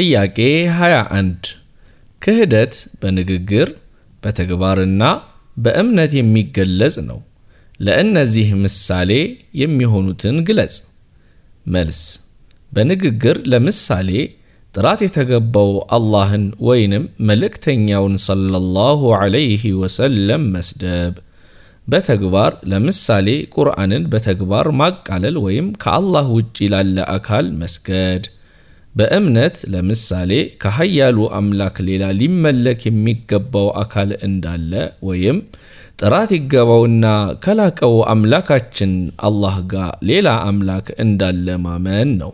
ጥያቄ 21 ክህደት በንግግር በተግባርና በእምነት የሚገለጽ ነው። ለእነዚህ ምሳሌ የሚሆኑትን ግለጽ። መልስ በንግግር ለምሳሌ ጥራት የተገባው አላህን ወይንም መልእክተኛውን ሰለላሁ ዐለይሂ ወሰለም መስደብ፣ በተግባር ለምሳሌ ቁርአንን በተግባር ማቃለል ወይም ከአላህ ውጪ ላለ አካል መስገድ በእምነት ለምሳሌ ከሀያሉ አምላክ ሌላ ሊመለክ የሚገባው አካል እንዳለ ወይም ጥራት ይገባውና ከላቀው አምላካችን አላህ ጋር ሌላ አምላክ እንዳለ ማመን ነው።